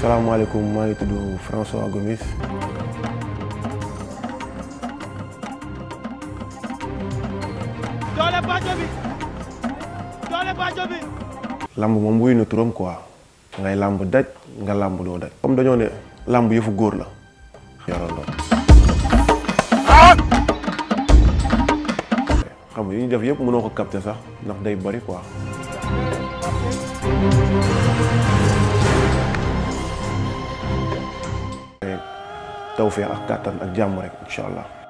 salaamaaleykum maa ngi tudd François Gomis doole bàjjo bi lamb moom wuyu na turam quoi ngay lamb daj nga lamb doo daj comme dañoo ne lamb yëfu góor la yoroon la xam nga yi ñu def yëpp mënoo ko capter sax ndax day bari quoi tawféex ak kàttan ak jàmm rek incha allah.